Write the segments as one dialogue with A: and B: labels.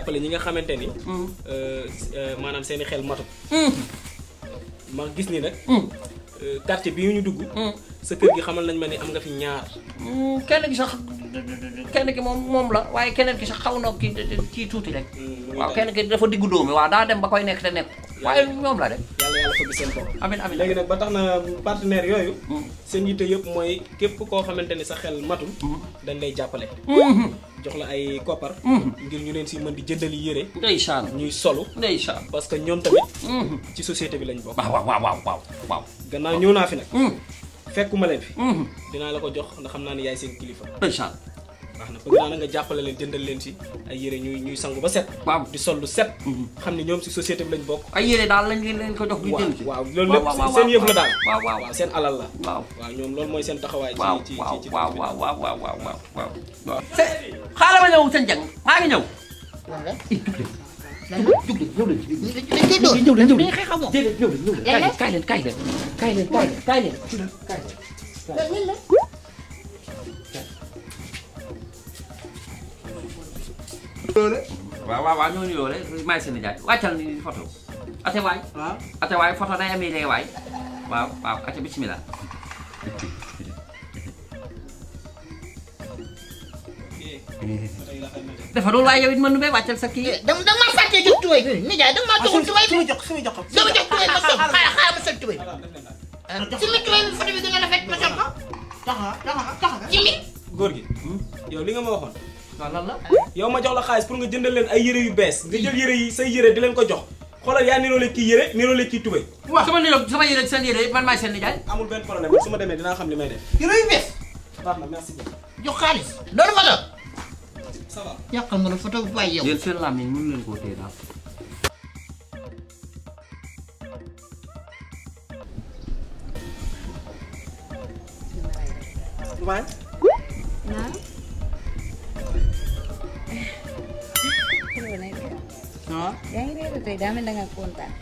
A: jàppale ñi nga xamante ni. Mm. Euh, euh, maanaam seen i xel matut. Mm. ma gis nii nag. Mm. Euh, quartier bi ñu dugg. sa kër gi xamal nañ ma ni am nga fi ñaar.
B: kenn gi sax kenn ki moom moom la waaye keneen gi sax xaw na ki ci tuuti rek. waaw kenn ki dafa diggu dóomi waaw daa dem ba koy nekk te nekk waaye ñoom la rek. yàlla yàlla fëgg
A: seen bopp. amiin amiin léegi nag ba tax na partenaire yooyu. seen yitte yëpp mooy képp koo xamante ni sa xel matul. dañ lay jàppale. Mm-hmm. jox la ay koppar. Mm-hmm. ngir ñu leen si mën di jëndali yére. ndeysaan ñuy solu. ndeysaan parce que ñoom tamit. Mm-hmm. ci société bi lañ bokk. Ah, waaw waaw waaw waaw. gannaaw ñëw naa fi nag. Mm-hmm. fekkuma leen fi. dinaa la ko jox ndax xam naa ne yaay seen kilifa. ndeysaan. baax na bëgg naa na nga jàppale leen jëndal leen si ay yére ñuy sangu ba set waaw di sol set mhm. xam ne ñoom si société bi lañ bokk ay yére daal lañ leen ko jox ñu jënd si waaw loolu lépp seen yëf la daal waaw waaw seen alal la waaw waaw ñoom loolu mooy seen taxawaay ci ci waaw seen jàng maa ngi ñëw
B: jug leen jug leen jug leen jug leen jug leen jug leen jug leen jug leen jug leen jug leen jug leen jug leen jug leen jug leen jug leen
A: loole waaw waaw waaw ñooñu loole maay seen jaay wàccal ni photo ate waay waaw ate waay photo day amee lee waay waaw waaw ate bismillah
B: dafa doon waaye yow it man nu may wàccal sa kii. dama dama maa fàttee jox tubay bi nijaay dama maa joxul tubay bi dama jox tubay ma sol xaaral xaaral ma sol tubay bi. jox simi tubay bi photo bi gën a rafet ma sol ko. taxa taxa taxa.
A: góor gi yow li nga ma waxoon. non lan yow ma jox la xaalis pour nga jëndal leen ay yére yu bees nga jël yére yi say yére di leen ko jox xoolal yaa niroo leen kii yére niroo leen kii tubéy.
B: waaw sama niroo sama yére seen yére man maay seen nijaay. amul benn problème su
A: ma demee may
B: def. yére yu bees. baax na merci beaucoup. jox xaalis loolu ma doon. ça
A: va yàqal nga ne photo bu yow. yéen seen laam yi mën leen koo téye daal. tey daa mel da nga kontaan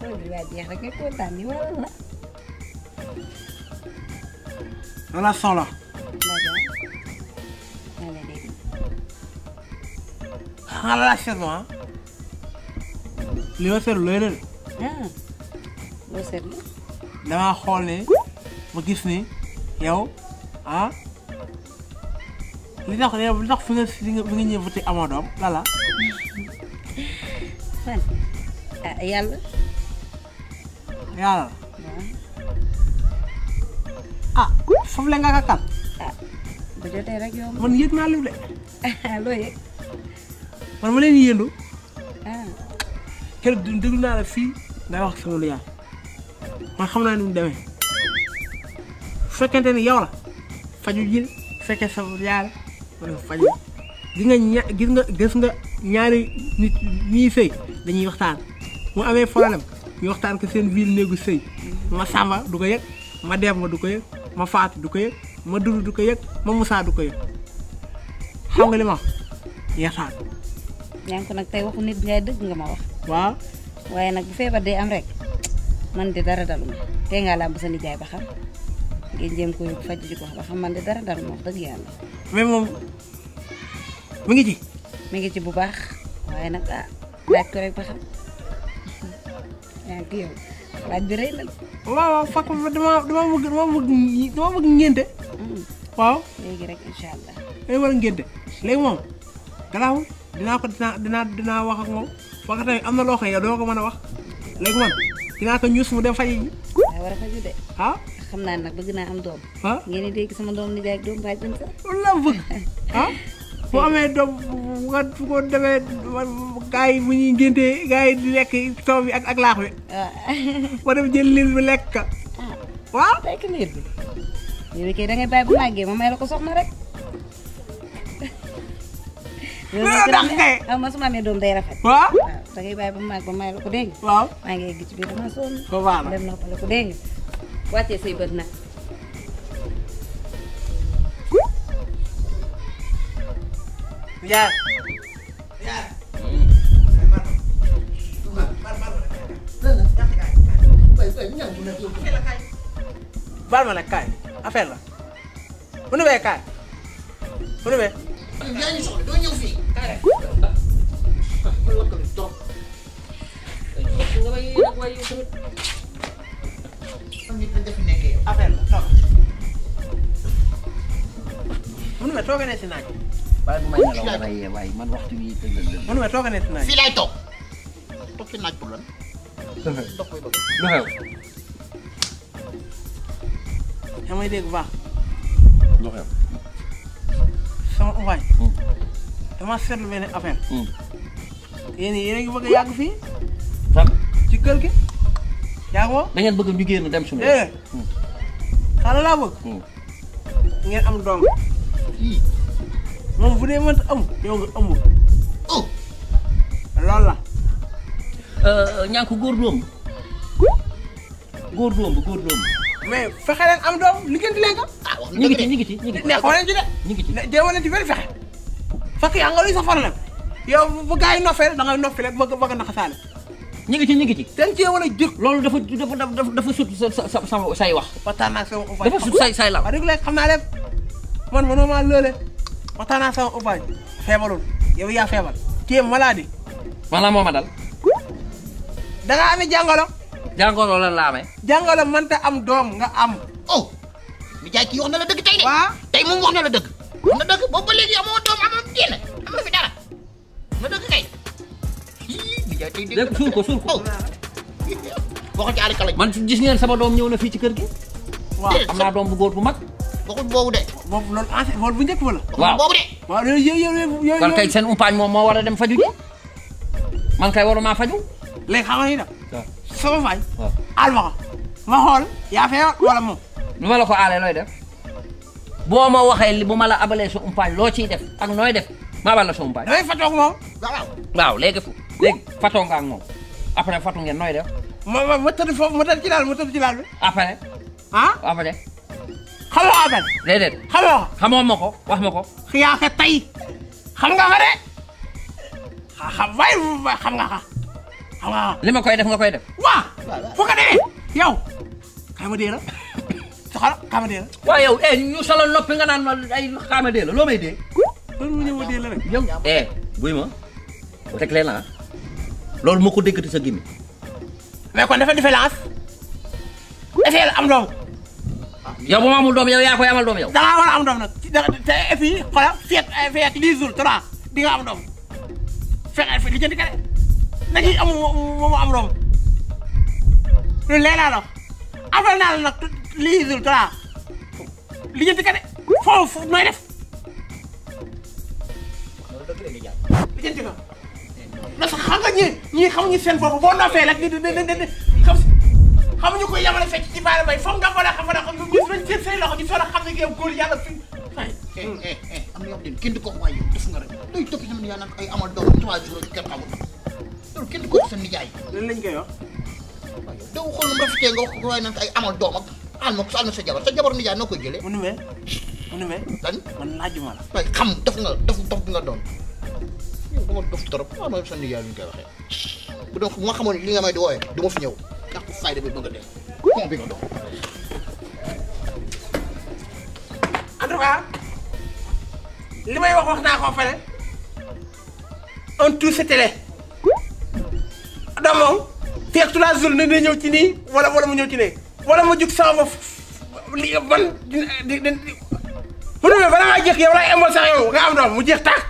A: loolu rek nga kontaan ni wala la.
B: relation la. xanaa relation la ah. li ma seetlu looy leen.
A: ah loo seetlu.
B: xool ne ma ni yow ah li tax li tax fi nga fi nga ñëw voté amoo lala.
A: fan ah yàlla.
B: yàlla. ah foofu nga ka ah, man yëg naa lépp de. man ma leen yëndu. ah. keroog déglu la fii ngay xam naa ni mu demee fekkente ni yow la faju ji fekkee sama lu yàlla man faju gis nga ña gis nga gis nga ñaari nit ñuy sëy dañuy waxtaan mu amee problème ñu waxtaan ko seen biir néegu sëy ma Samba du ko yëg ma ma du ko yëg ma faat du ko yëg ma Dudu du ko yëg ma musaa du ko yëg xam nga
A: nag tey waxu nit ngay dëgg nga ma waaw. waaye nag bu feebar day am rek man de dara daluma tey ngaa làmb sa nijaay ba xam ngeen jéem ko faj ji ko xam man de dara daluma wax dëgg yàlla.
B: mais moom. mi ngi ci.
A: ngi ci bu baax waaye nag ah laaj rek ba xam
B: yaa ngi yow laaj bi rëy na. waaw waaw fàq ma damaa damaa bëgg damaa mm. a moom gannaaw dinaa ko dinaa dinaa wax ak moom wax tamit am na loo xam yow doo ko mën a wax léegi man dinaa ko ñuus mu dem faj yi. daa war a faju de. ah xam naa nag bëgg naa am doom. ah
A: ngeen di dégg sama doom nijaay ak doom bàjjen sax. loolu laa bëgg ah.
B: bu amee doom nga su ko demee gaa yi bu ñuy ngéntee gaa yi di lekk soow bi ak ak laax bi. waaw. Ah. ba dem jël liir bi lekk ka. Ah. waaw lekk bi.
A: liir kay da ngay bàyyi bu màggee ma may la ko soxna rek. loolu dax kay loolu ma su ma amee doom day rafet. waaw da ngay bàyyi ba mu màgg ba may la ko dégg waaw maa ngi egg ci biir dama sonn. ko baax la dem noppale ko dégg nga. wàccee say bët nag.
B: Biar. Biar. la bu nu bee kaay bu nu bee. yaa ngi soxla doo ñëw fii kaay rek. affaire la toog bu nu bee
A: waaye bu may nelaw waaye waaye man
B: waxtu bii tëdd la. man waaye toog a nekk naaj. fii laay toog toog fi naaj pour lan. ndox koy bëgg. lu xew. yaa may dégg bu baax. lu xew. sama waay. Hmm. dama seetlu benn affaire. Hmm. yéen yéen a ngi bëgg a yàgg fii. fan ci kër gi. yaa ngi woo. da ngeen bëgg ñu génn dem suñu. Hmm. xaaral laa bëgg. ngeen am doom. moom bu dee mënta am yow nga amul. loolu la. Euh, ñàkk góor doom. góor doom góor doom. mais fexe leen am doom liggéeyantu leen ko. ah wax ñu ngi ci ñu ngi ci ñu ngi ci neexoon nañ ci de. ñu ngi ci de jéem a leen ci benn fexe. fekk yaa nga luy sa problème yow bu gars yi noppee da ngay noppi rek bëgg bëgg naxa saale. ñu ngi ci ñu ngi ci. dañ cee wala jóg. loolu dafa dafa dafa sut sa sa sa say wax. waxtaan naa ak sama dafa sut say say la. wax dëgg la xam naa lépp man man maa loolee. waxtaan naa sama obaaj feebarul yow yaa feebar tu es malade. maanaam moo ma dal. da ngaa amee jàngoro. lan la amee. jàngoro mënta am doom nga am. oh mi jaay kii wax na la dëgg tey de. waaw tey moom wax na la dëgg. wax na dëgg boobu ba léegi amoo doom amoo génn amoo fi dara nga dëgg kay. suur ko suur ko. Oh! man gis ngeen sama doom ñëw na fii ci kër gi. waaw am naa doom bu góor bu mag. waxul boobu de. boobu loolu en fait bu njëkk ba la. waaw boobu de. waaw yooyu yooyu yooyu. kon kay seen umpaañ moom moo war a dem faju ji man kay waruma faju. léegi xam nga ni nag. sama faay. waaw aal ma ko ma xool yaa fee wala moom. nu ma la ko aalee looy def boo ma waxee li bu ma la abalee sa umpaañ loo ciy def ak nooy def ma abal la sa umpaañ. damay fatoo ak moom. waaw waaw léegi fu léegi fatoo nga ak moom après fatu ngeen nooy def. ma ma ma tëdd foofu ma tëdd ci daal ma tëdd ci daal bi. après. ah après. xamoo abal. déedéet xamoo ko. xamoo ma ko wax ma ko. yaa ko tey xam nga ko de xam waaye xam nga ko xam nga ko. li ma koy def nga koy def. waaw fu ko demee yow xaama dee la soxala xaama dee la. waaw yow eh ñu solo noppi nga naan ma ay xaama dee la loo may dee. loolu mu ñëw dee la rek yow. eh buy ma teg leen ah loolu moo ko déggati sa gémmi mais kon dafa différence dafay am loolu. yow bu ma amul doom yow yaa koy amal doom yow. da ngaa war a am doom nag te fii xoolal fii am doom fexe fi li jënd kare na ci amul mu am doom loolu léeg naa la affaire naa li jënd kare foofu nooy def. li jënd na. parce que xam nga ñii ñii xamuñu seen bopp boo noppee rek di xamuñu ko yamale fecc ci baara bay foog nga mën a xam nga a xam nga rek looy topp sama nijaay naan ay ko sa nijaay. koy wax. ko waaye naan ay amal doom ak àll ma sa jabar sa jabar nijaay noo koy jëlee. mu nuwee mu nuwee. lan man la. waaye xam daf nga daf dof bi nga doon
A: koy waxee bu doon bu ma xamoon li nga may di wooyee du fi ñëw
B: fayda bi bëgg a def kon li may wax wax naa ko fële on tout se télé doom moom fekk trois ne ñëw ci nii wala wala mu ñëw ci ne wala mu jug sama bopp li mu ne ma balaa ngaa jeex yow laay amoon yow nga am doom mu jeex tax